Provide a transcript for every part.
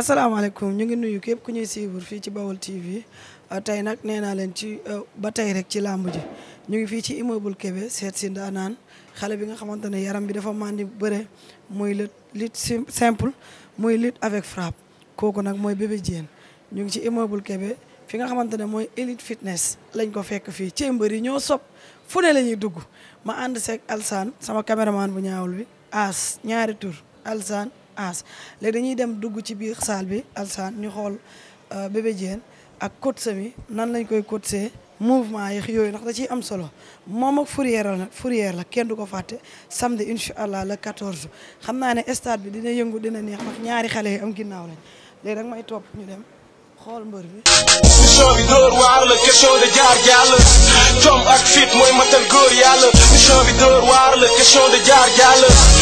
asalaamaaleykum ñu ngi nuyu képp ku ñuy suivre fii ci Bawol TV ah, tey nag nee naa leen ci euh, ba tey rek ci làmb ji ñu ngi fii ci immeuble Kébé seet si naan xale bi nga xamante ne yaram bi dafa màndi bëre muy lutte lutte simple muy lutte avec frappe kooku nag mooy Bébé Diène ñu ngi ci immeuble Kébé fi nga xamante ne mooy Elite Fitness lañ ko fekk fii ci mbër yi ñoo sob fu ne la ñuy dugg ma ànd seeg Alsaan sama caméraman bu ñaawul bi as ñaari tur Alsaan ans léegi dañuy dem dugg ci biir salle bi alsaan ñu xool euh, bébé Diène ak coach sami nan lañ koy coacher mouvement yeex yooyu ndax da ciy am solo moom ak fourrière la la kenn du ko fàtte samedi incha allah le 14 xam naa ne stade bi dina yëngu dina neex ndax ñaari xale yi am ginnaaw lañ léegi nag may topp ñu dem xool mbër bi. mission bi dóor waar la question de jaar jàll jom ak fit mooy matal góor yàlla mission bi dóor waar la question de jaar jàll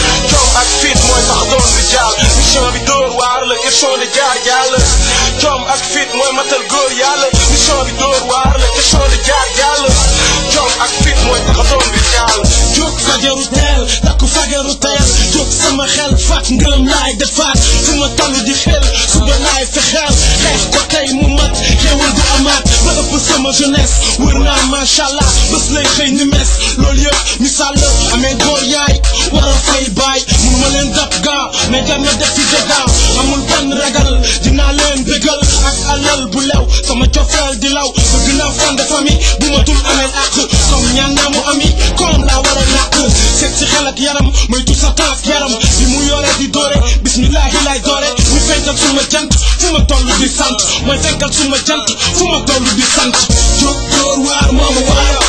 mission de jaar jàll jom ak fit mooy matal góor yàlla mission bi dóor waar la mission de jaar jàll jom ak fit mooy taxa doom bi jàll jóg teel takku fajaru teel jóg sama xel faat ngërëm laay defaat fu ma tollu suba laay fexeel xeex ko tey mu mat xewul du amaat nëbb sama jeunesse wër naa macha allah bés lay xëy ni mes yëpp misaal la amee góor yaay war a fay baay mun ma leen dab gaa mais jàmm na def ci dëggaa amul benn ragal dinaa leen dëggal ak alal bu lew sama cofeel di law bëgg naa fond de famille bu ma amee àq comme ñaan naa mu ami comme laa war a nàq seet si xel ak sa taaf yaram bi mu yore di doore bismillahi lay doore ñu fental suma jant ma toll di sant mooy fenkal suma jant fu ma toll di sant jóg door waar moo ma waar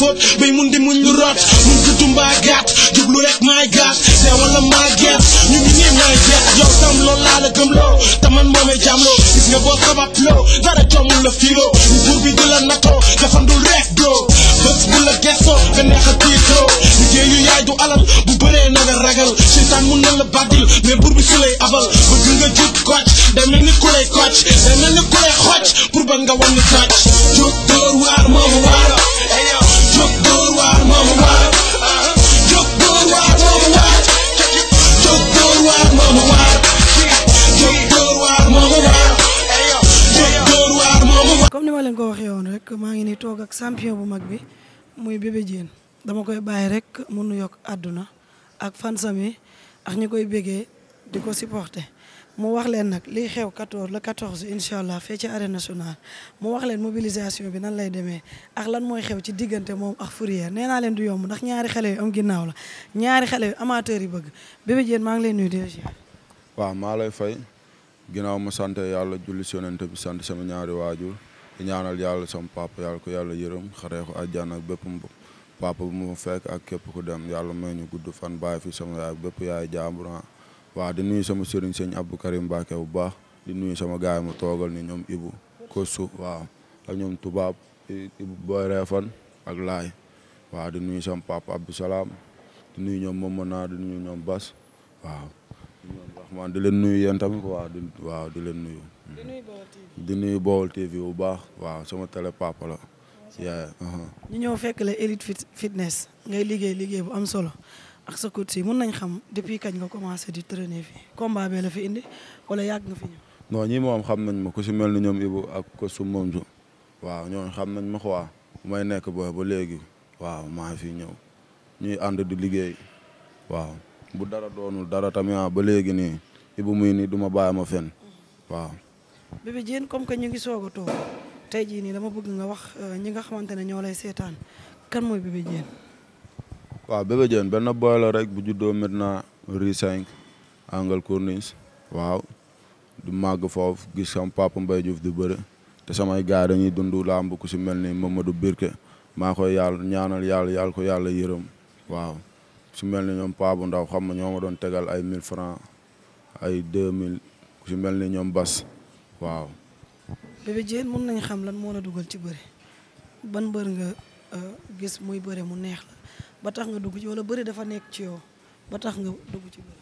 fóot bay mun di muñ lu rot mun gëtu mbaa gàtt jublu rek maay gàtt see wala maa gàtt ñu ngi nii maay gàtt yow tam loolu laa la gëm loo taman moomee jàmloo gis nga boo sabat loo dara jommul la fiiloo nguur bi di la natoo jafandul rek doo bés bu la gëstoo nga neex a tiitloo liggéey yu yaay du alal bu bëree na a ragal seytaan mun na la baddil mais buur bi su lay abal bëgg nga jub kocc day mel ni ku lay kocc day mel ni ku lay xocc pour ba nga wan ak bu mag bi muy Bébé Diène dama koy bàyyi rek mu nuyoog àdduna ak fansam yi ak ñi koy bégee di ko supporter mu wax leen nag liy xew 14 le 14 incha allah fee ci arène nationale mu wax leen mobilisation bi nan lay demee ak lan mooy xew ci diggante moom ak Fourrière nee naa leen du yomb ndax ñaari xale yu am ginnaaw la ñaari xale yu amateurs yi bëgg Bébé maa ngi lay nuy déjà. waaw maa lay fay ginnaaw ma sant yàlla julli si yonent bi sant sama ñaari ñaanal yàlla sama papa yàlla ko yàlla yërëm xaree ko àjjana ak bépp papa bu mu fekk ak képp ku dem yàlla may ñu gudd fan bàyyi fi sama yaay bépp yaay jàmbur ah. waaw di nuyu sama sëriñ sëñ Abdou Karim Mbacke bu baax di nuyu sama gaay mu toogal ni ñoom Ibu Kosu waaw ak ñoom tubaab Ibu Boy Refan ak Laay waaw di nuyu sama papa Abdou di nuyu ñoom Momona di nuyu ñoom Bas man di leen nuyu yéen tamit waaw di waaw di leen nuyu. di nuyu Baol TV bu baax waaw sama télé papa la. Uh-huh. ñu ñëw fekk la Elite Fitness ngay liggéey liggéey bu am solo ak sa coach si mun nañ xam depuis kañ nga commencé di traîner fii combat bee la fi indi wala yàgg nga fi ñëw. non ñii moom xam nañ ma ku si ni ñoom Ibou ak ko su waaw ñooñu xam nañ ma quoi bu may nekk booy ba léegi waaw maa fi ñëw ñuy ànd di liggéey waaw. bu dara doonul dara tamit ah, ba léegi nii Ibou muy nii du ma bàyyi ma fenn waaw. Bébé Diène comme que ñu ngi soog a toog tey jii nii dama bëgg nga wax euh, ñi nga xamante ne ñoo lay seetaan kan mooy Bébé waaw Bébé Diène benn boy rek bu juddoo maintenant rue 5 angle corniche waaw du màgg foofu gis sama papa Mbaye Diouf di bëre te samay gars dañuy dund làmb ku si mel ni Mamadou Birke maa koy yàlla ñaanal yàlla yàlla ko yàlla yërëm waaw. su mel ni ñoom paa bu ndaw xam nga ñoo ma doon tegal ay mille francs ay deux mille su mel ni ñoom bas waaw. Bébé Diène mën nañ xam lan moo la dugal ci bëri ban mbër nga euh, gis muy bëri mu neex la ba tax nga dugg ci wala bëri dafa nekk ci yow ba tax nga dugg ci bëri.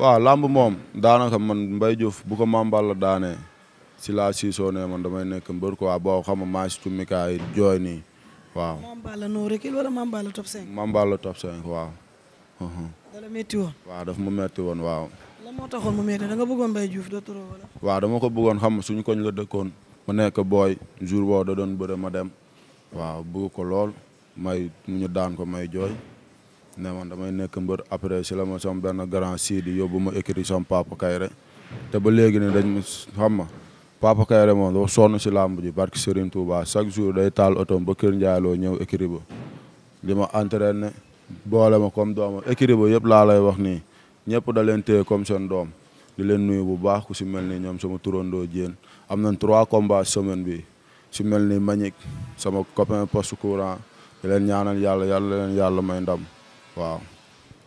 waaw làmb moom daanaka man Mbaye Diouf bu ko mambal la daanee si laa siisoo ne man damay nekk mbër ko waaw boo xam ne maa si tummikaay jooy nii noo rekil wala mambal la la top 5 waaw. dala métti woon. waaw ma métti woon waaw. lan moo taxoon mu métti da nga bëggoon Mbaye Diouf de trop wala. waaw dama ko bëggoon xam suñu koñ la dëkkoon. mu nekk booy jour boo da doon bëre ma dem. waaw bëgg ko lool may ñu daan ko may jooy. ne man damay nekk mbër après si la ma sama benn grand sidi yóbbu ma écrit sama papa Kayre. te ba léegi ne dañ ma xam ma papa Kayre moom dafa sonn si làmb ji barke Serigne Touba chaque jour day taal otoom ba Kër Ndiaye loo ñëw écrit ba. li ma entraîné. boole ma comme doomam écurie ba yëpp laa wax ni ñëpp da leen téye seen doom di leen nuyu bu baax ku si mel ni ñoom sama turandoo jéen am nañ trois combats semaine bi si mel ni Manick sama copain poste courant leen ñaanal yàlla yàlla leen yàlla may ndam waaw.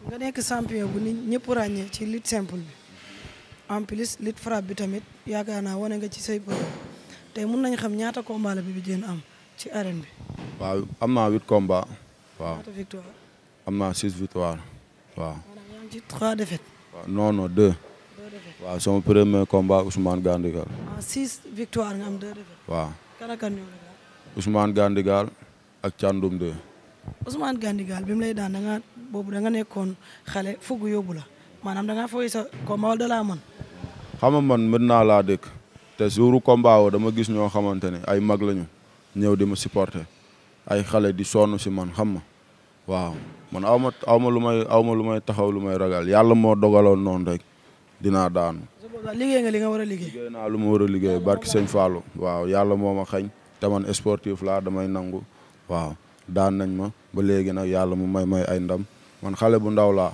nga nekk champion bu nit ñëpp ràññee ci lutte simple bi en plus lutte frappe bi tamit yaakaar naa wane nga ci say bopp tey mun nañ xam ñaata combat bi bi jéen am ci arène bi. waaw am na wit combats waaw. am naa six victoires waaw. ci trois défaites. waaw non non deux. deux défaites waaw sama premier combat Ousmane Gandigal. ah six victoires deux défaites. waaw kan lay daan da boobu da nga nekkoon xale fukk yóbbu la maanaam da ngaa fooy sa combat wala da laa mën. xam nga man mën naa laa dëkk te suuru combat woo dama gis ñoo xamante ne ay mag lañu ñëw di ma supporter ay xale di sonn si man xam waaw man aw ma aw ma lu may aw lu may taxaw lu may ragal yàlla moo dogaloon noonu rek dinaa daan liggéey nga li nga war a liggéey. naa lu ma war a liggéey barki sëñ Fallou. waaw yàlla moo ma xañ te man sportif laa damay nangu waaw daan nañ ma ba léegi nag yàlla mu may may ay ndam man xale bu ndaw laa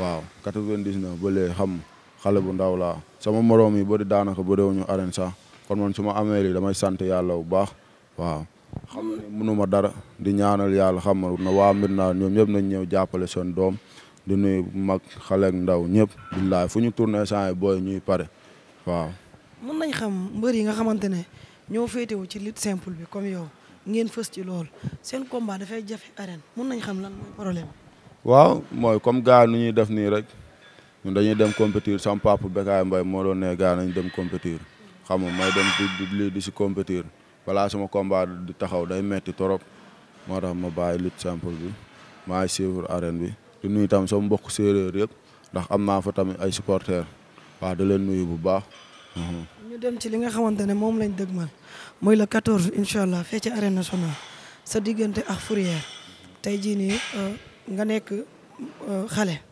waaw 99 ba léegi xam xale bu ndaw laa sama moroom yi ba daanaka ba réew ñu arène sax kon man su ma amee lii damay sant yàlla bu baax waaw. xam ne mënuma dara di ñaanal yàlla xam na waa naa ñoom ñëpp nañu ñëw jàppale seen doom di nuyu mag xale ndaw ñëpp billaay fu ñu tourné saa booy ñuy pare waaw. mën nañ xam mbër yi nga xamante ne ñoo wu ci lutte simple bi comme yow ngeen fës ci lool seen combat dafay jafe arène mën nañ xam lan mooy problème waaw mooy comme gaa nu ñuy def nii rek ñun dañuy dem compétir sama papa Bekaay Mbaye moo doon ne gaa nañ dem compétir xam nga may dem di di di si compétir. balaa sama combat di taxaw day metti torop moo tax ma bàyyi lutte simple bi maa ngi suivre bi di nuyu tam sama mbokk séeréer yëpp ndax am naa fa tamit ay supporters waaw du leen nuyu bu baax. ñu dem ci li nga xamante ne moom lañ dëgmal muy le 14 incha allah fee ci arène nationale sa diggante ak Fourrière tey jii nii euh, nga nekk euh, xale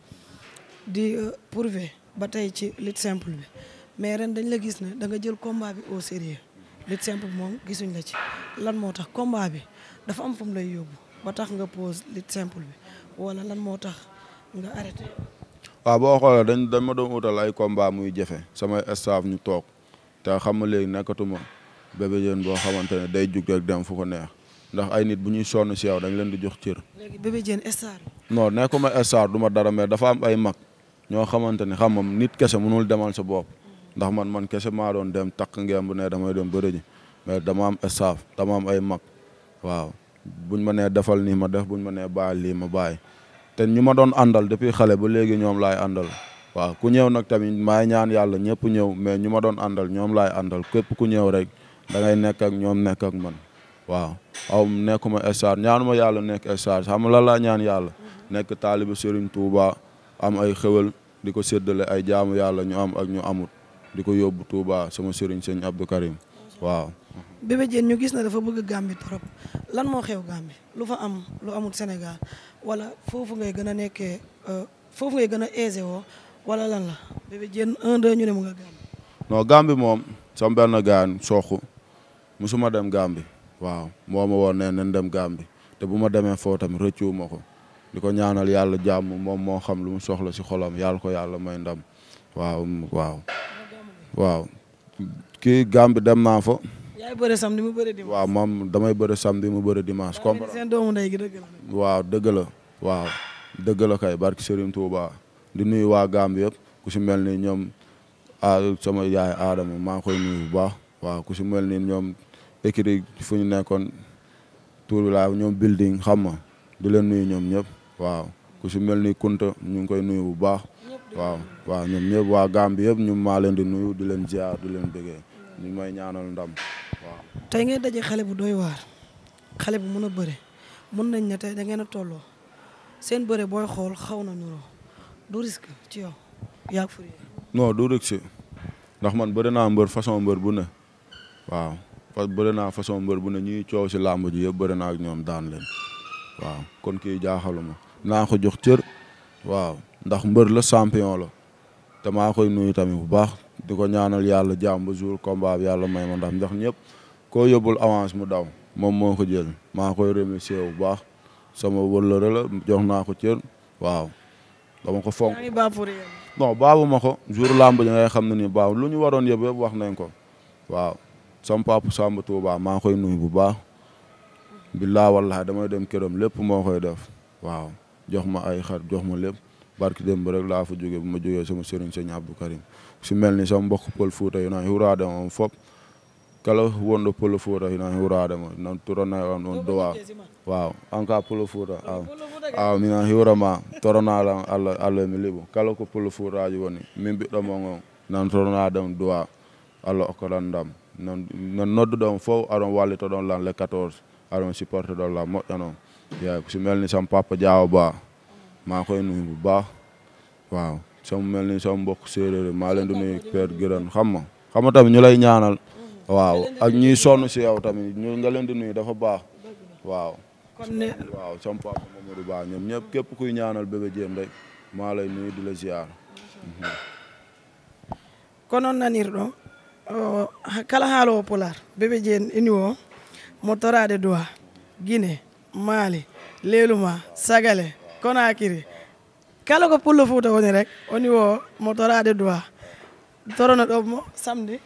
di euh, prouver ba tey ci lutte simple bi mais ren dañ la gis ne da nga jël combat bi au sérieux lutte simple bi moom gisuñ la ci lan moo tax combat bi dafa am fu mu lay yóbbu ba tax nga pose lutte simple bi wala lan moo tax nga arrêté. waaw boo xoolee dañ dañ ma doon utal ay combat muy jafe samay staff ñu toog te xam nga léegi nekkatuma Bébé boo xamante ne day jug rek dem fu ko neex ndax ay nit bu ñuy sonn si yow dañ leen di jox cër. léegi Bébé Diène star. non nekkuma star du ma dara mais dafa am ay mag ñoo xamante ne xam nga nit kese mënul demal sa bopp. ndax man man kese maa doon dem takk bu ne damay dem bëri ji mais dama am staff dama am ay mag waaw buñ ma nee defal nii ma def buñ ma nee lii ma baay te ñu ma doon àndal depuis xale ba léegi ñoom laay àndal waaw ku ñëw nag tamit maay ñaan yàlla ñëpp ñëw mais ñu ma doon àndal ñoom laay àndal képp ku ñëw rek da ngay nekk ak ñoom nekk ak man waaw aw nekkuma star ñaanuma yàlla nekk star xam la laa ñaan yàlla nekk taaliba Serigne Touba am ay xewal di ko séddale ay jaamu yàlla ñu am ak ñu amut di ko yóbbu Touba sama sëriñ sëñ Abdou Karim waaw. Bébé Diène ñu gis na dafa bëgg Gambie trop lan moo xew Gambie lu fa am lu amul Sénégal wala foofu ngay gën a nekkee euh, foofu ngay gën a aisé woo wala lan la Bébé Diène un ñu ne mu nga Gambie. non Gambie moom sama benn gaan soxu musuma dem Gambie waaw moo ma woon ne nañ dem Gambie te bu ma demee footam tam rëccu ma ko di ko ñaanal yàlla jàmm moom moo xam lu mu soxla si xolam yàlla ko yàlla may ndam waaw. waaw kii Gambie dem naa fa. yaay bëre samedi mu waaw moom damay bëre samedi mu bëre dimanche. comprendre seen doomu ndey gi dëgg waaw dëgg la waaw dëgg kay barki Serigne di nuyu waa Gambie yëpp ku si mel ni ñoom ah, sama yaay Adama maa ngi koy baax waaw ku si mel ni ñoom écrit fu ñu nekkoon tur bi laa ñoom building xam ma di leen nuyu ñoom ñëpp waaw ku si mel ni Kunta ñu ngi koy nuyu bu baax waaw. waaw ñoom ñëpp waa bi yëpp ñu maa leen di nuyu du leen ziar du leen bëggee ñu may ñaanal ndam waaw. tey ngay daje xale bu doy waar xale bu mën a bëre mën nañ ne tey da ngeen a tolloo seen bëre booy xool xaw na nuroo du risque ci yow ndax man bëri naa mbër façon mbër bu ne waaw parce que bëri naa façon mbër bu ne ñuy coow si làmb ji yëpp bëri naa ñoom daan leen waaw kon kii jaaxaluma naa ko jox waaw ndax mbër la champion la. te maa koy nuyu tamit bu baax di ko ñaanal yàlla jàmm ba jour combat bi yàlla may ma ndax ndax ñëpp ko yóbbul avance mu daw moom moo ko jël maa koy remercier bu baax sama wëllëre la jox naa ko cër waaw dama ko fonk non baabu ma ko jour làmb ji ngay xam ne ni baabu lu ñu waroon yëpp yëpp wax nañ ko waaw sama papa Samba maa koy nuyu bu baax billaa wallaahi damay dem këram lépp moo koy def waaw jox ma ay xar jox ma lépp barki démb rek laa fa jógee bu ma jógee sama sëriñ sëñ Abdou Karim si mel ni sama pël Fuuta yi naan huraadama moom fop kala wondo pël Fuuta nan torona on on dowa anka pël Fuuta aw aw mi naan hurama torona ala alla alla mi nan torona ɗam dowa allah okkoran ndam lan le 14 aɗon supporte ɗon lan moƴƴanon yeey so melni sam papa diawa ba maa koy nuyu bu baax waaw sama mel ni sama mbokk séeréer maa di nuyu père Guirane xam ma xam ma tamit ñu lay ñaanal waaw ak ñuy sonn si yow tami ñu nga di nuyu dafa baax waaw. kon ne waaw sama papa ñoom ñëpp képp kuy ñaanal Bébé Diène rek maa lay nuyu di la ziar. kono nanirɗo oh, kala haalowo pular beɓe jeen ini o mo torade duwa guine maali leeluma sagale Conakry kala ko pullo fouta woni rek woni e o mo torade duwa torono ɗomo samedi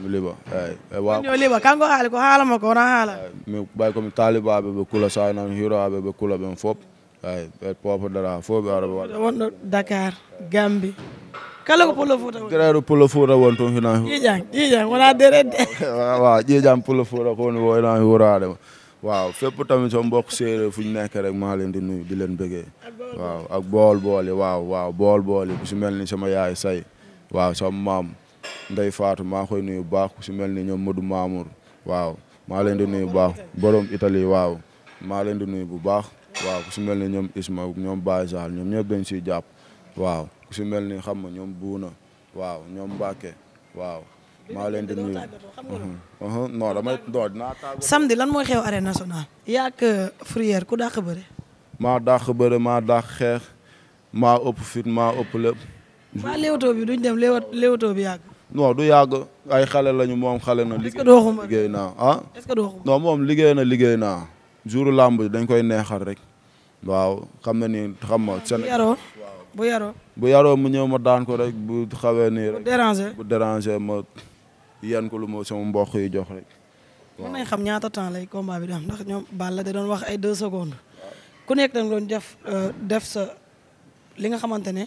mi liɓa eyi o liɓa kanko haali ko haalama ko wona haala mi ɓay komi ɓe kula sahinan hiroaɓe ɓe kula ɓen foof eyi ɓe popodara fof ɓe ara ɓe waɗa wonɗo dakar gambi kala ko pullo fouta dereɗo pullo fouta won toon hinan ƴiƴan ƴiƴan wona dereɗde wa ƴiƴan pullo fouta ko woni wo hinan hiroaɗema waaw fépp tamit sama mbokk séeréer fu ñu nekk rek maa leen di nuyu di leen bëggee waaw ak bool bool yi waaw waaw bool bool yi ku si mel ni sama yaay say waaw sama maam Ndey faat maa koy nuyu baax ku si mel ni ñoom Modou Mamour waaw maa leen di nuyu bu baax borom Italie waaw maa leen di nuyu bu baax waaw ku si mel ni ñoom Isma ñoom Baye ñoom ñëpp dañ siy jàpp waaw ku si mel ni xam nga ñoom Buuna waaw ñoom Mbacke waaw maa leen di nuyu. Mhm. Mhm. lan moo xew arène nationale. yaa ak euh, Fourrière ku dàq bëre. ma dàq bëre ma dàq xeex maa ëpp fit maa ëpp lépp. waa Leewtoo bi duñ dem Leewtoo bi yàgg. non du yàgg ay xale lañu moom xale na. est-ce que doo liggéey naa ah. moom liggéey na liggéey naa. jour làmb dañ koy neexal rek. waaw xam na ni xam ma. seen bu yaroo mu ñëw ma daan ko rek bu xawee nii rek. bu déranger yan ko lu ma sama mbokk yi jox rek. waaw mën nañ xam ñaata temps lay combat bi doon ndax ñoom Balla da doon wax ay deux secondes. ku nekk da nga def euh, def sa li nga xamante ne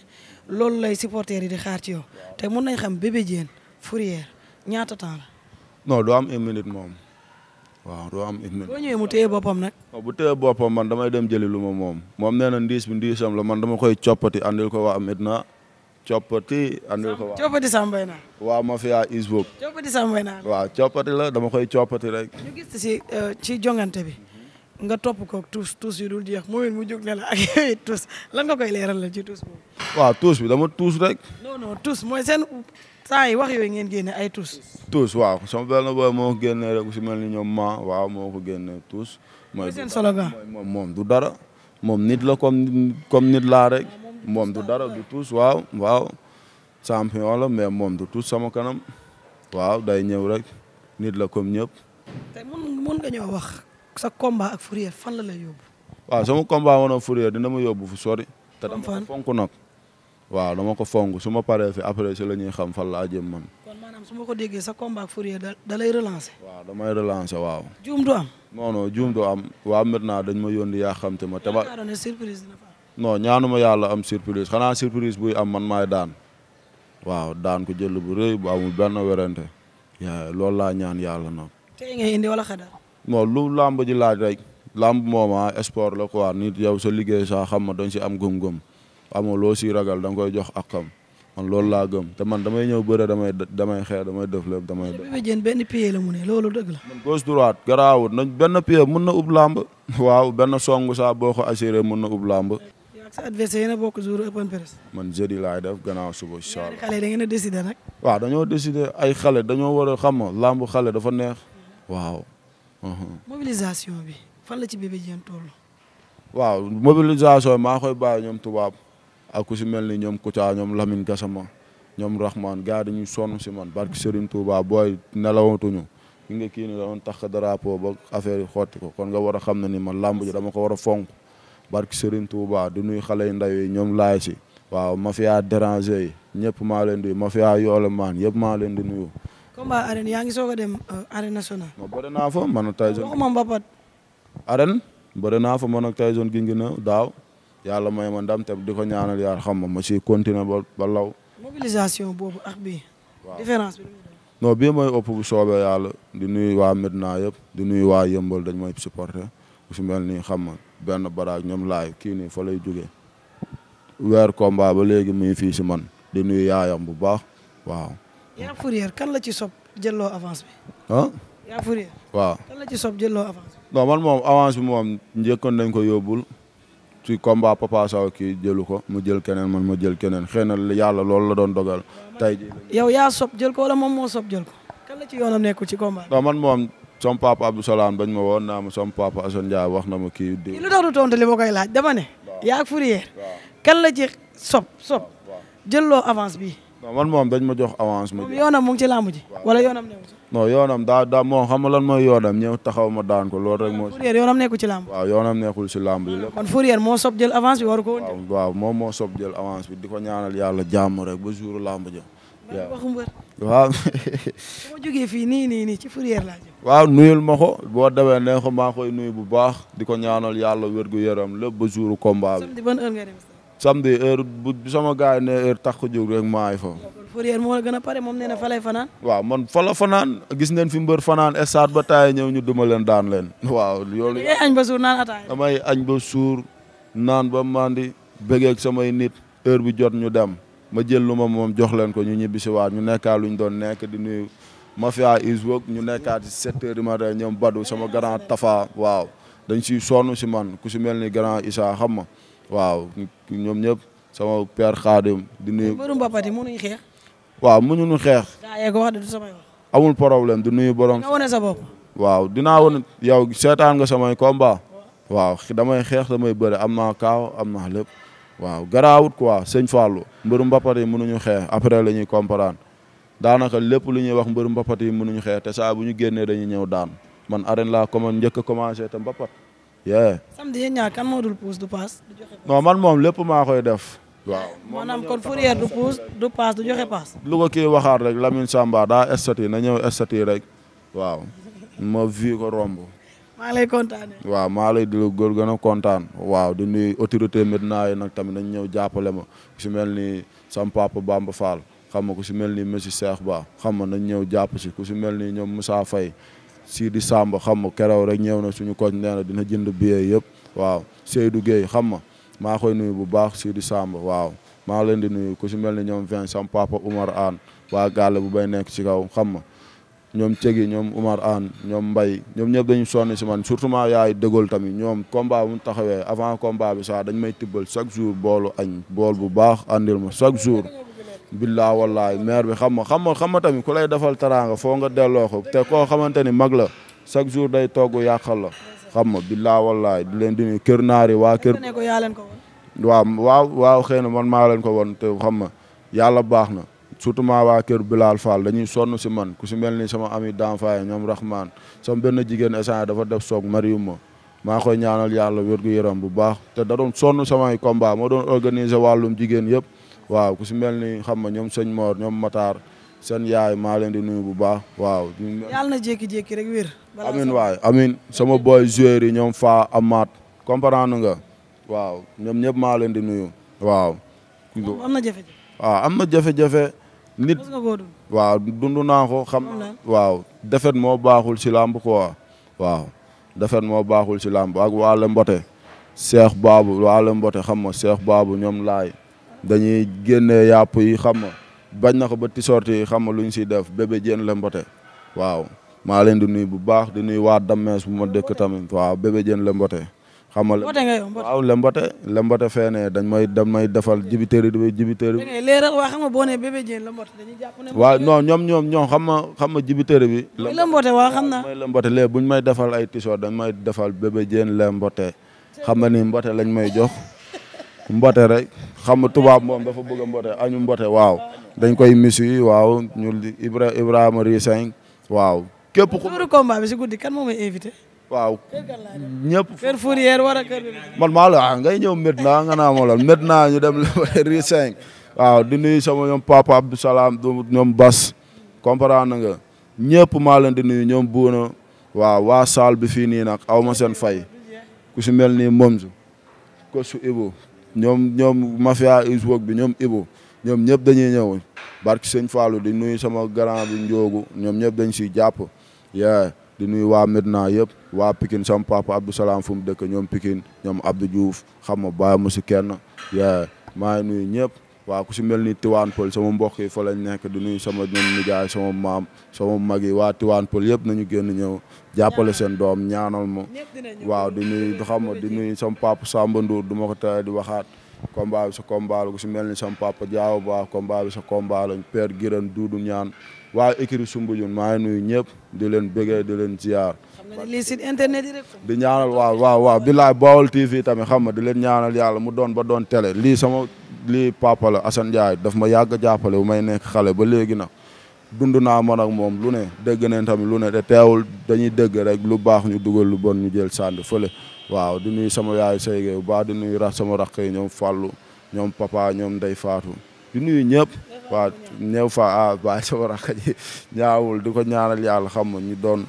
loolu lay supporter yi di xaar ci yow te mën nañ xam Bébé Diène Fourrière ñaata temps la. non doo am une minute moom. waaw doo am une minute. boo ñëwee mu téye boppam nag. bu téye boppam man damay dem jëli lu ma moom moom nee ndiis bi ndiisam la man dama koy coppati andil ko waa am it na coppati andil ko waaw coppati Samba naa. waaw mafia is boobu. coppati Samba dama koy coppati rek. Euh, ci jongante bi nga topp ko tuus tuus yu dul jeex moom it mu jóg ne la ak yooyu tuus lan nga koy leeral la ci tuus boobu. waaw tuus bi rek. non non tuus mooy saa yi wax yooyu ngeen génne ay tuus. tuus waaw sama ko génnee rek si mel ma waaw moo ko génnee tuus. mooy seen slogan moom moom du dara moom nit la comme comme nit laa rek. moom du dara du tuus waaw waaw champion la mais moom du tuus sama kanam waaw day ñëw rek nit la kom ñëpp. tey mën mën nga wax sa combat ak Fourier fan la lay yóbbu. waaw sama combat woon ak Fourier dina ma yóbbu fu sori. te dama ko fonk nag. waaw dama ko fonk su ma paree fi après si la ñuy xam fan laa jëm man. kon su ma ko déggee sa combat ak Fourier da lay relancer. waaw damay relancer waaw. du am. non non juum du am. waa maintenant dañ ma yónni yaa xam te ma. te ma surprise non ñaanuma yàlla am surprise xanaa surprise buy am man maay daan waaw daan ko jël bu rëy bu amul benn werante loolu laa ñaan yàlla nag. tey ngay indi lu làmb ji laaj rek làmb mooma ah, sport la quoi nit yow sa liggéey sa xam ma dañ si am gëm-gëm amoo loo ragal da nga koy jox akam man loolu laa gëm te man damay ñëw bëre damay damay xeex damay def lépp damay. damay jën benn pied la mu ne loolu dëgg la. man gauche droite mun na ub làmb waaw benn song saa boo ko assuré mun na ub làmb a bokk jour open man jeudi laay def gannaaw suba incha allah xale da ngeen décider nag. waaw dañoo décider ay xale dañoo war a xam làmb xale dafa neex. waaw. Mhm. mobilisation bi fan la ci Bébé Diène waaw mobilisation maa koy bàyyi ñoom tubaab ak ku si mel ni ñoom Kouthia ñoom Lamine Gassama ñoom Rahman gars dañuy son si man barki Serigne Touba booy nelawatuñu ki nga kii ni doon tax drapeau ba affaire yi xotti ko kon nga war a xam ne ni man làmb ji dama ko war a fonk. barki Serigne Touba di nuyu xale yu ndaw ñoom laay si waaw mafia déranger yi ñëpp maa leen di mafia yoola maan yëpp maa leen di nuyu. yaa ngi soog a dem ma euh, bëri naa fa man ak Tyson. waxuma mbapat. arène naa fa man ak Tyson gi ngi na daaw yàlla may ma ndam te di ko ñaanal yàlla xam ma ma si continuer ba ba law. mobilisation boobu ak bii. waaw bi. non bii mooy bu soobee yàlla di nuyu waa Medina yëpp di nuyu waa Yëmbal dañ may supporter su mel benn baraag ñoom laay kii nii fa lay jógee weer combat ba léegi muy fii si man di nuyu yaayam bu baax waaw. yaa Fourrière kan la ci sob jëlloo avance bi. ah. yaa Fourrière. waaw kan la bi. moom avance moom njëkkoon nañ ko yóbbul ci combat Papa Sow kii jëlu ko mu jël keneen man ma jël keneen xëy na yàlla loolu la doon dogal. tey jii yow yaa sob jël ko wala moom moo sob jël ko. kan moom som papa Abdou Salam bañ ma woon naa ma som papa Assane Ndiaye wax na ma kii. kii lu tax du tontu li ma koy laaj dama ne. yaa ak Fourrière. kan la ci sob sob jëlloo avance bi non man moom dañ ma jox avance. ma yoonam mu ngi ci làmb ji. wala yoonam nekkul ci. non daa daa moom xam nga lan mooy yoonam ñëw taxaw ma daan ko loolu rek moo. Fourrière ci làmb. waaw yoonam nekkul ci làmb ji la. kon Fourrière moo sob jël avance bi waru ko woon. waaw moo sob jël avance bi di ko ñaanal yàlla jàmm rek ba jour lamba ja waaw waxu mbër. fii nii nii nii ci fourrière laa waaw nuyul ma ko boo demee nee ko maa koy bu baax di ko ñaanal yàlla wér gu yaram lépp ba jouru combat bi. samedi ban bu sama gars ne heure tax ko jóg rek maa fo fa. fourrière moo moom nee na fa lay fanaan. waaw man fa la fanaan gis ngeen fi mbër fanaan stade ba taay ñëw ñu duma leen daan leen. waaw loolu. damay añ ba suur naan añ ba suur naan ba mandi bëggeeg samay nit heure bi jot ñu dem. ma jël lu ma moom jox leen ko ñu ñibbisi waat ñu nekkaat lu ñu doon nekk di nuyu mafia iswok ñu nekkaat si sept heures du matin ñoom Badou sama grand Tafa waaw dañ si sonn si man ku si mel ni grand isaa xam ma waaw ñoom ñëpp sama père Khadim di nuyu. mbërum mbapat yi xeex. waaw mënuñu xeex. daa yegg wax de du samay di nuyu borom. waaw dinaa wane yow seetaan nga samay combat. waaw damay xeex damay bëre am na kaaw am na lépp. waaw garaawut quoi sëñ Fallou mbëru mbapat yi mënuñu xeex après la ñuy comprendre daanaka lépp lu ñuy wax mbëru mbapat yi mënuñu xeex te saa bu ñu génnee dañuy ñëw daan man arène laa commencé njëkk commencé te mbapat. yee. samedi yéen dul pousse du paas. du man moom lépp maa koy def. waaw maanaam kon fourrière du pousse du paas du joxe paas. lu ko kii waxaat rek Lamine Samba daa estati na ñëw estati rek waaw ma vi ko romb. maa lay kontaanee. waaw maa lay di góor gën kontaan waaw di nuy autorité Médina yi nag tamit nañ ñëw jàppale ma ku si mel ni sam papa Bamba Fall xam nga ku si mel ni monsieur Cheikh Ba xam nga nañ ñëw jàpp si ku si mel ni ñoom Moussa Faye Sidi Samba xam nga keroog rek ñëw na suñu koñ nee dina jënd billet yëpp waaw Seydou Guèye xam nga maa koy nuyu bu baax Sidi Samba waaw maa leen di nuyu ku si mel ni ñoom vingt sam papa Oumar Anne waa gàll bu bay nekk si kaw xam nga ñoom Cegi ñoom Umar An ñoom Mbay ñoom ñëpp dañu sonn si man surtout maa yaay dëggal tamit ñoom combat bu mu taxawee avant combat bi sax dañ may tibbal chaque jour boolu añ bool bu baax àndil ma chaque jour billaa wallaay maire bi xam ma xam ma xam ma tamit ku lay defal teraanga foo nga delloo ko te koo xamante ni mag la chaque jour day togg yàqal la xam ma billaa wallaay di leen di nuyu kër naari waa kër waaw waaw waaw xëy na man maa leen ko woon te xam ma yàlla baax na surtout maa waa kër Bilal Fall dañuy sonn si man ku si mel ni sama ami d'enfance ñoom Rahman sama benn jigéen échange dafa def soog mariu ma maa koy ñaanal yàlla wér-gu-yaram bu baax te da doon sonn samay combat moo doon organiser wàllum jigéen yëpp waaw ku si mel ni xam nga ñoom sëñ Mor ñoom mataar seen yaay maa leen di nuyu bu baax waaw. yàlla na jékki-jékki rek wér. amin waay amin sama boy joueur yi ñoom Fa Amath comprendre nga waaw ñoom ñëpp maa leen di nuyu waaw. nit waaw dund naa ko xam waaw defet moo baaxul si làmb quoi waaw defet moo baaxul si làmb ak waale mbote Cheikh Babou waalo mbote xam ma Cheikh Babou ñoom laay dañuy génnee yàpp yi xam ma bañ na ko ba ti sorti yi xam ma lu ñu siy def bébé jéen la mbote waaw maa leen di nuy bu baax di nuyu waat Dammees bu ma dëkk tamit waaw bébé jéen la mbote xam nga waaw lembate lembate feenee dañ may dañ may defal jibiteeri bi jibiteeri bi leeral waa xam nga boo nee bébé Diène lembate dañuy jàpp ne waaw ñoom ñoom ñoom xam ma xam ma jibiteeri bi lembate waaw xam naa may lembate léegi buñ may defal ay t-shirt dañ may defal bébé Diène lembate xam nga ni mbote lañ may jox mbote rek xam nga tubaab moom dafa bëgg a mbote añu mbote waaw dañ koy misi yi waaw ñu Ibra Ibrahima Riseng waaw képp ku guddi kan moo may waaw ñëpp. kër Fourrière a kër man maa la wax nga naa ma lool Medina ñu dem Rue 5. waaw di nuyu sama ñoom papa Abdou Salam ñoom Bas comprendre nga ñëpp maa di nuyu ñoom buuna waaw waa saal bi fii nii nag aw ma fay ku si mel nii Momsu ko su Ibo ñoom ñëpp dañuy ñëw barki sëñ di nuyu sama grand bi Ndiogu ñoom ñëpp dañ siy jàpp yaa di nuyu waa Medina yëpp waa Pikine sama papa Abdou Salam fu dëkk ñoom Pikine ñoom Abdou Diouf xam ma bàyyi mu si kenn yaa maa ngi nuyu ñëpp waa ku si mel ni Tiwaan Pël sama mbokk yi fa lañ nekk di nuyu sama ñoom nijaay sama maam sama mag yi waa Tiwaan Pël na ñu génn ñëw jàppale seen doom ñaanal ma waaw di nuyu xam ma di nuyu sama papa Samba Ndour du ma ko tere di waxaat combat bi sa combat la ku si mel ni sama papa Diaw Ba combat bi sa combat lañ père Girane Duudu ñaan waa écurie Soumbédioune maa nuyu ñëpp di leen bëggee di leen ziar. xam nga lii site di ñaanal waaw waaw waaw bilaay Baol TV tamit xam nga di leen ñaanal yàlla mu doon ba doon tele lii sama lii papa la Assane Ndiaye daf ma yàgg a jàppale bu may nekk xale ba léegi nag dund naa man ak moom lu ne dégg nañ tamit lu ne te teewul dañuy dégg rek lu baax ñu dugal lu bon ñu jël sànni fële waaw di nuyu sama yaay Seyge bu baax di nuyu ra sama rakk yi ñoom Fallou ñoom papa ñoom day Fatou di nuyu ñëpp. waaw néew fa ah ba sama rakk ji ñaawul di ko ñaanal yàlla xam nga ñu doon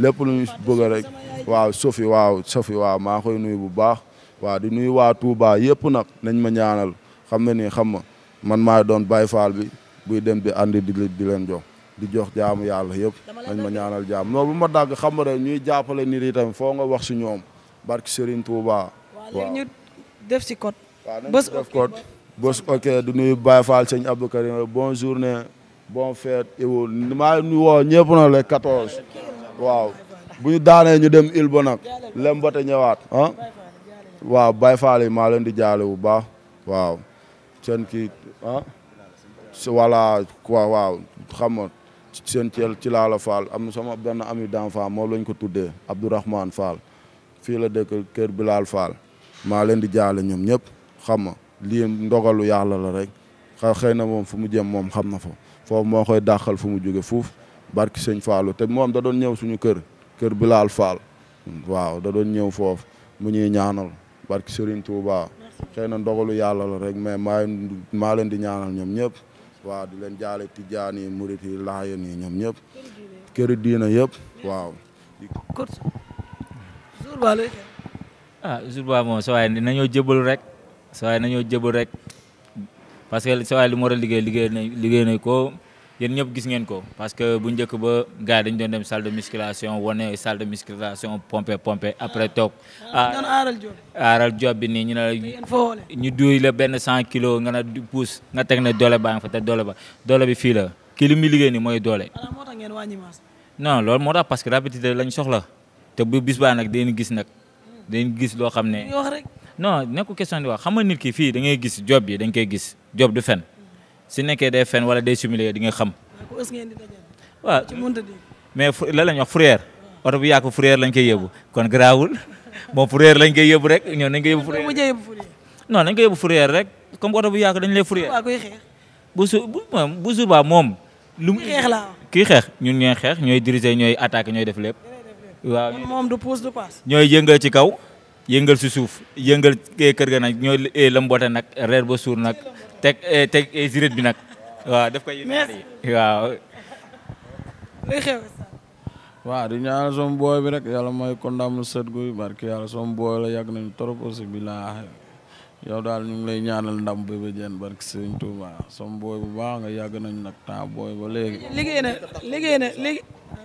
lépp lu ñu bëgg rek waaw sofi waa sofi waa maa koy nuyu bu baax waaw di nuyu waa Touba yëpp nag nañ ma ñaanal xam na ni xam ma man maa doon Baye Fall bi buy dem bi andi di di leen jox di jox jaamu yàlla yëpp nañ ma ñaanal jaam non bu ma dàgg xam nga rek ñuy jàppale nit yi tamit foo nga wax si ñoom barki Serigne Touba. waaw léegi def si code. bos ok du nuyu Baye Fall sëñ Abdou Karim bonne journée bonne fête Ibu maa ngi woo ñëpp na le waaw bu ñu daanee ñu dem il ba lem ba te ñëwaat ah waaw Baye Fall yi maa leen di jaale bu baax waaw seen kii ah voilà waaw xam seen ceel ci laalo la Fall am sama benn ami d'enfant moom lañ ko tuddee Abdourahmane Fall fii la dëkk kër Bilal Fall maa leen di jaale ñoom ñëpp xama lii ndogalu yàlla la rek xëy na moom fu mu jëm moom xam na fo foofu moo koy dàqal fu mu jóge fuuf barki sëñ Fallou te moom da doon ñëw suñu kër kër Bilal Fall waaw dadoon ñëw foofu mu ñuy ñaanal barki Serigne Touba xëy na ndogalu yàlla rek mais maa leen di ñaanal ñoom ñëpp waaw di leen jaale tijaan yi murit yi laayeen yi ñoom ñëpp këri diina yëpp waaw ah ba moom sa waaye nañoo jëbal rek sa waay nañoo jëbal rek parce que sa waay li mu liggéey liggéey nañ liggéey nañ ko yéen ñëpp gis ngeen ko parce que bu njëkk ba gars dañ doon dem salle de musculation wane salle de musculation pompé pompé après ah. toog. Ah. Ah. aaral job aaral job bi nii ñu ne la ñu duy la benn cent kilos nga na pousse nga teg ne doole baa nga fa doole ba doole bi fii la kii muy liggéey ni mooy doole. moo tax ngeen wàññi masse. non loolu moo tax parce que rapidité lañ soxla te bu bis baa nag dañu gis nag dañu gis loo xam ne. rek. non nekku question di wax xam nga nit ki fii da ngay gis job yi dañ koy gis job du fen si nekkee de fen wala day simuler di nga xam. waaw mais la lañ wax fourrière oto bu yàqu fourrière lañ koy yóbbu kon garaawul moom fourrière lañ koy yóbbu rek ñoom dañ koy yóbbu fourrière non dañ koy yóbbu fourrière rek comme oto bu yàqu dañ lay fourrière bu su bu moom lu kii xeex ñun ñooy xeex ñooy diriger ñooy attaquer ñooy def lépp waaw moom du pousse du passe ñooy ci kaw yëngal si suuf yëngal kër ga nag ñooy eh, la mboote nag reer ba suur nag teg eh, teg ziret eh, bi nag waaw daf koy waaw. waaw di ñaanal sama booy bi rek yàlla mooy kondaam sët guy barki yàlla sama booy la yàgg nañ trop aussi bilaa yow daal ñu ngi lay ñaanal ndam Bébé Diène barki Tuuba sama booy bu baax nga yàgg nañ nag temps booy ba léegi. liggéey na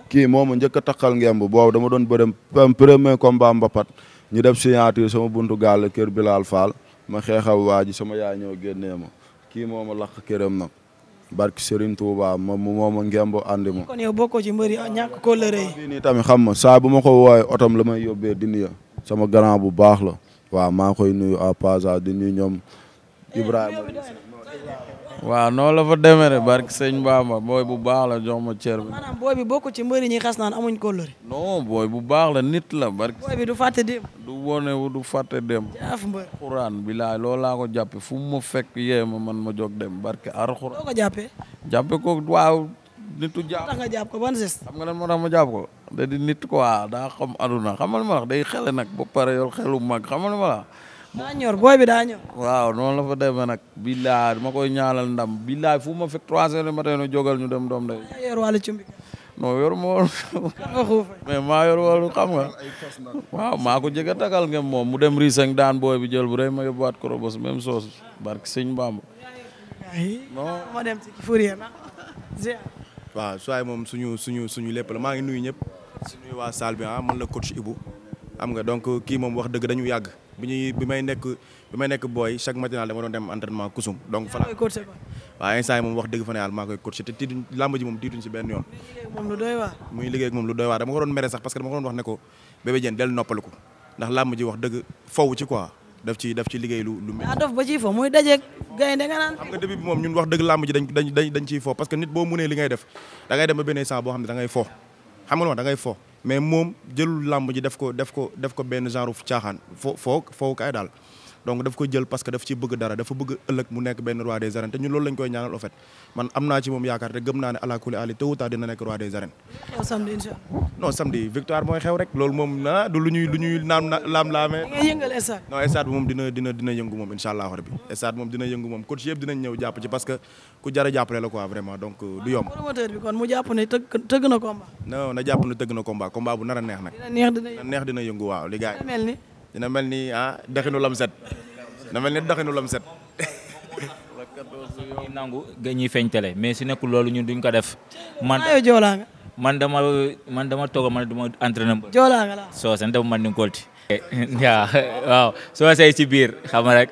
kii moomu njëkk a takkal ngemb boobu dama doon bëri premier combat mbapat ñu def signature sama buntu gàll kër Bilal Fall ma xeexaw waa ji sama yaay ñëw génnee ma kii moo ma lakk këram na barki Serigne Touba ma moo ma ngemb andi mo kon yow ci mbëri nii tamit xam ma saa bu ma ko woowee otom la may yóbbee dindi ya sama grand bu baax la waaw maa koy nuyu à passage di nuyu ñoom eh, Ibrahima. waaw noonu la fa demee rek barke sëñ Bamba booy bu baax la jox ma cër bi. maanaam booy ci mbëri ñi xas naan amuñ kóllëre. non booy bu baax la nit la barke. booy bi du fàtte dem. du wone wu du fat dem. jaaf mbër. xuraan bilaay loolu laa ko fu mu ma fekk yee ma man ma jóg dem barke ar xuraan. doo ko jàppee. jàppee waaw nitu jàpp. tax ko ban geste. xam nga lan moo tax ma jàpp ko. da di nit quoi daa xam aduna xamal ma la day xele nag ba pare yor xelu mag xamal ma la daa ñor booy bi daa ñor. waaw noonu la fa demee nag. billaay ma koy ñaanal ndam billaay fu ma fekk trois heures du matin ñu ñu dem doom day. yor wàllu cumbi. yor ma woon. mais maa yor woon xam nga. waaw maa ko jege tagal ngeen moom mu dem Riseng daan booy bi jël bu rëy ma yóbbuwaat Korobos même sauce barki sëñ Bamba. non ma moom suñu suñu suñu lépp la maa ngi nuyu ñëpp. suñu waa salle bi ah la coach Ibou. xam nga donc kii moom wax dëgg dañu yàgg. bi ñuy bi may nekk bi may nekk booy chaque matinal dama doon dem entraînement kusum donc fa waaw instant yi moom wax dëgg fa ne yàlla maa koy coaché te tiituñ làmb ji moom tiituñ si benn yoon muy liggéey ak moom lu doy waar dama ko doon mere parce que dama ko doon wax ne ko del noppalu ko ndax làmb ji wax dëgg fow daf ci daf lu lu mel. dof ba ciy fo muy dajeeg gaynde nga naan. xam nga début ñun wax dëgg làmb dañ dañ fo parce que nit boo mënee li ngay def da ngay dem ba benn instant boo mais moom jëlul làmb ji def ko def ko def ko benn genre caaxaan foo foo foo kaay daal donc daf ko jël parce que daf ci bëgg dara dafa bëgg ëllëg mu nekk benn roi des arènes te ñun loolu lañ koy ñaanal au man am naa ci moom yaakaar te gëm naa ne alakuli ali tawutaa dina nekk roi des arènes non samedi victoire mooy xew rek loolu moom na ah, du lu ñuy ñuy naam laam-laamee non stade bi moom dina dina dina yëngu moom insha allahu rabbi stade moom dina yëngu moom coach yëpp dinañ ñëw jàpp ci parce que ku jara jàppale la quoi vraiment donc euh, du yomb mu jàpp na tëgg na combat a neex nag na neex dina mel ni ah daxinu lam set dina mel ni daxinu lam set ñuy nangu ga ñuy feeñ mais si nekkul loolu ñun duñ ko def man man dama man dama toog man duma entraîné mbër soose nte man ni kolti waaw soose ci biir xam rek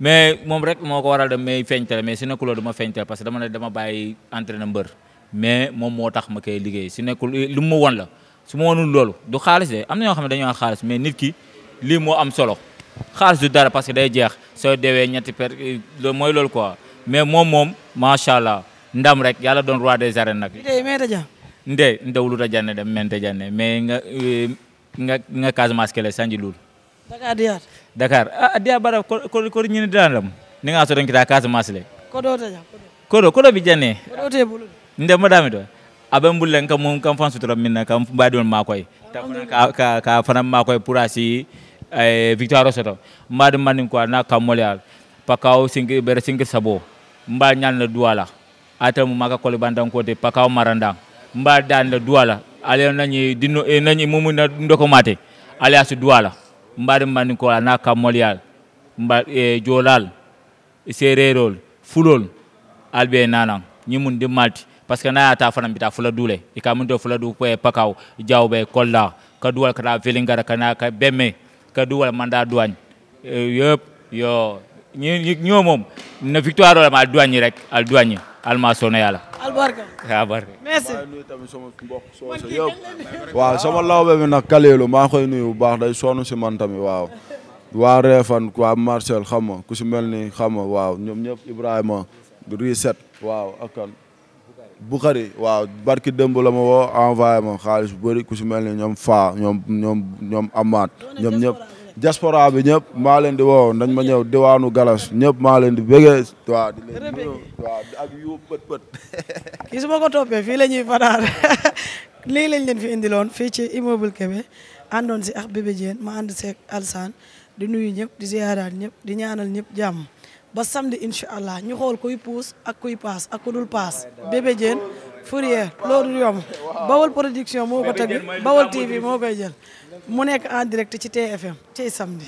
mais moom rek moo ko waral dem may feeñ télé mais si nekkul dama feeñ télé parce que dama dama bàyyi entraîné mbër mais mom moo tax ma koy liggéey si nekkul lu mu ma won la su ma wonul loolu du lii moo am solo xaalis du dara parce que day jeex soo deewee ñetti per mooy loolu quoi mais moom moom macha allah ndam rek yàlla doon roi des arènes nag. nde ndawluta janne dem mente janne mais nga euh, nga nga Casamance kele sanji lul Dakar a diya ah, bara ko ko ñini dalam ni nga so don kita Casamance le ko bi janne ko do te bulu nde madame do aben bulen kam mum kam fan sutura minna kam baadon makoy ta ka ka fana makoy pour asi Eh, victoire soto mbaɗi manin quoi na kammolyal pakaw sinki ɓere sinkir sabo mba ñanla duwala atamu maka koli bandan kote pakaw marandan mba danla duwala ala nañi dino nañi mumu na eh, ndokomate alias duwala mbaɗi manin ko na kammolyal mba eh, jolal sererol fulol alɓe nanan ñimun di malti parce que na ta fana bita fula dule ika mun do fula du ko e pakaw jawbe kolla kaduwal kada velingara kana ka bemme kadu wala mandat douane euh, yëpp yo ñi ñoo moom na victoire wala ma al douane rek al douane alma sona yàlla albarka waaw barka merci nuyu bi nag kaleelu maa koy nuyu bu day sonn si man tamit waaw waa Réfane waa Marcel xam ku si mel ni xam waaw ñoom ñëpp Ibrahima Riset waaw ak Boukhari waaw barki démb la ma woo envoyé ma xaalis bu bëri ku si mel ni ñoom Faa ñoom ñoom ñoom Amath ñoom ñëpp. diaspora bi ñëpp maa leen di woo dañ ma ñëw diwaanu galas ñëp maa leen di bëggee waaw di leen waaw ak yu pët pët kii su ma ko toppee fii la ñuy fanaan lii lañ leen fi indiloon fii ci immeuble Kébé àndoon si ak bébé Diène ma ànd seeg Alsaan di nuyu ñëpp di ñëpp di ñaanal ñëpp jàmm ba samedi incha allah ñu xool kuy puus ak kuy paas ak ku dul paas bébé Diène Fourier loolu yomb Bawol production moo ko tëgg Bawol TV moo koy jël mu nekk en direct ci TFM ci samedi.